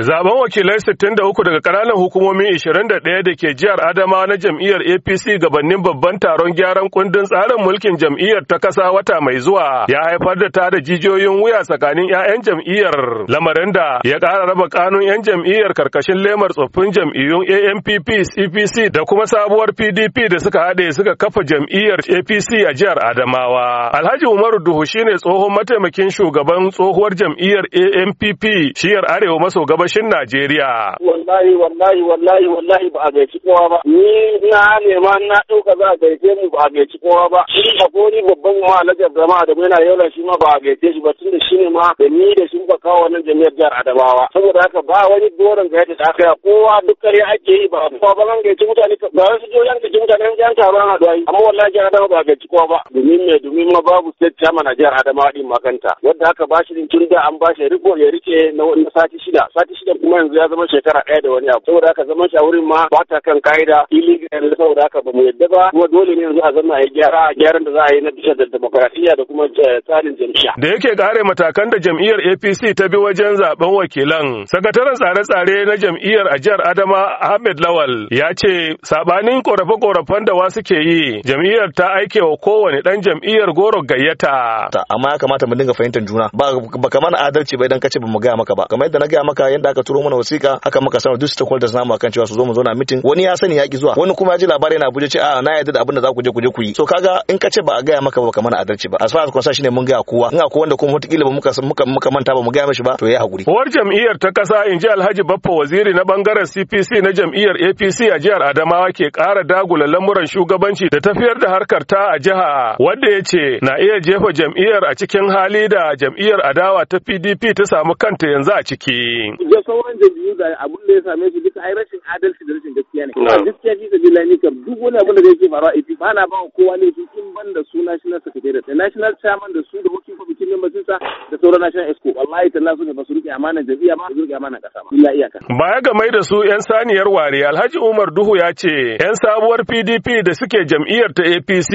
Zaben wakilai 63 daga ƙananan hukumomin 21 da ke jihar Adamawa na jam'iyyar APC gabanin babban taron gyaran kundin tsarin mulkin jam'iyyar ta kasa wata mai zuwa ya haifar da tada jijiyoyin wuya tsakanin 'ya'yan jam'iyyar lamarin da ya ƙara raba kanun 'yan jam'iyyar karkashin lemar tsoffin jam'iyyun ANPP, CPC da kuma sabuwar PDP da suka haɗe suka kafa jam'iyyar APC a jihar Adamawa. Alhaji Umaru Duhu shine tsohon mataimakin shugaban tsohuwar jam'iyyar ANPP shiyar Arewa maso Gaba. gabashin Najeriya. Wallahi wallahi wallahi wallahi ba a gaici kowa ba. Ni na nema na ɗauka za a gaice mu ba a gaici kowa ba. Shi ko ni babban ma alajar jama'a da yana yaula shi ma ba a gaice shi ba tun da shi ne ma da ni da shi ba kawo wannan jami'ar jihar Adamawa. Saboda haka ba wani doron gaita da aka yi kowa duk kare ake yi ba kowa ba zan gaici mutane ba wasu jihohin gaici mutane yan taron haɗuwa yi. Amma wallahi jihar Adamawa ba a gaici kowa ba. Domin me domin ma babu state chairman a jihar Adamawa din makanta. Yadda aka bashi din tun da an shi riko ya rike na sati shida. Sati shida kuma yanzu ya zama shekara ɗaya da wani abu saboda haka zaman shi a wurin ma ba ta kan ka'ida illegal saboda haka ba mu yadda ba kuma dole ne yanzu a zama a yi gyara gyaran da za a yi na bisa da demokradiyya da kuma eh, tsarin jam'iyya. Da yake kare matakan da jam'iyyar APC ta bi wajen zaben wakilan sakataren tsare-tsare na jam'iyyar a jihar Adama Ahmed Lawal ya ce sabanin korafe-korafen da wasu ke yi jam'iyyar ta aike wa kowane dan jam'iyyar goro gayyata. Amma ya kamata mu dinga fahimtar juna ba kamar adalci ba idan ka ce ba mu gaya maka ba kamar yadda na gaya maka yadda da aka turo mana wasiƙa aka maka sanar duk stakeholders namu akan cewa su zo mu zo na meeting wani ya sani ya ki zuwa wani kuma ji labarai na Abuja ce a na yadda da abin da za ku je ku je ku yi so kaga in ka ce ba a gaya maka ba kamar adalci ba as far as concern shine mun gaya kowa in akwai wanda kuma wataƙila ba muka muka muka manta ba mu gaya mishi ba to yayi hakuri war jam'iyyar ta kasa in ji Alhaji Baffa Waziri na bangaren CPC na jam'iyyar APC a jihar Adamawa ke ƙara dagula lamuran shugabanci da tafiyar da harkar ta a jiha wanda ya ce na iya jefa jam'iyyar a cikin hali da jam'iyyar adawa ta PDP ta samu kanta yanzu a ciki. ga sauran jam'iyyu da abin da ya same shi duka ai rashin adalci da rashin gaskiya ne gaskiya shi ta billahi ne duk wani abin da ke faruwa a ba na ba wa kowa ne shi in ban da su national secretary da national chairman da su da wakil kwamitin members sa da sauran national esco wallahi talla su ne ba su rike amanar jam'iyya ba su rike amanar kasa ba illa iyaka baya ga mai da su yan saniyar ware alhaji umar duhu ya ce yan sabuwar pdp da suke jam'iyyar ta apc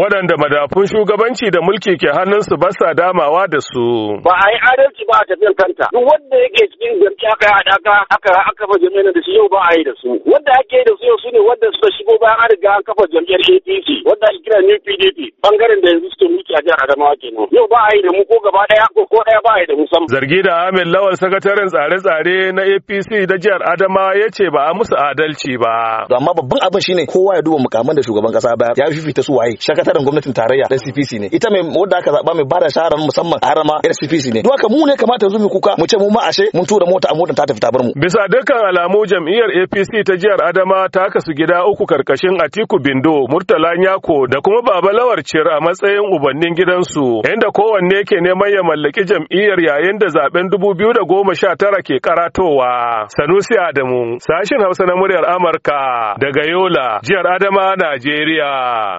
waɗanda madafun shugabanci da mulki ke hannunsu ba sa damawa da su ba a yi adalci ba a tafiyar kanta duk wanda yake cikin doki aka yi adaka aka aka kafa jami'an da su yau ba a yi da su wanda ake yi da su yau su ne wanda suka shigo bayan an riga an kafa jam'iyyar APC wanda ake kira New PDP bangaren da yanzu suke mulki a jihar Adamawa kenan yau ba a yi da mu ko gaba daya ko ko daya ba a yi da mu sam zargi da Ahmed Lawal sakataren tsare-tsare na APC da jihar Adamawa ya ce ba a musu adalci ba amma babban abin shine kowa ya duba mukaman da shugaban kasa ba ya fifita su waye sakataren gwamnatin tarayya da CPC ne ita mai wanda aka zaba mai bada shahara musamman harama CPC ne duk mu ne kamata yanzu mu kuka mu ce mu ma ashe mun tura mu mota motan ta tafi ta bar mu bisa dukkan alamu jam'iyyar APC ta jihar Adama ta kasu gida uku karkashin Atiku Bindo Murtala Nyako da kuma Baba Lawar Cir a matsayin ubannin gidansu inda kowanne ke neman ya mallaki jam'iyyar yayin da zaben 2019 ke karatowa Sanusi Adamu sashin Hausa na muryar Amurka daga Yola jihar Adama Najeriya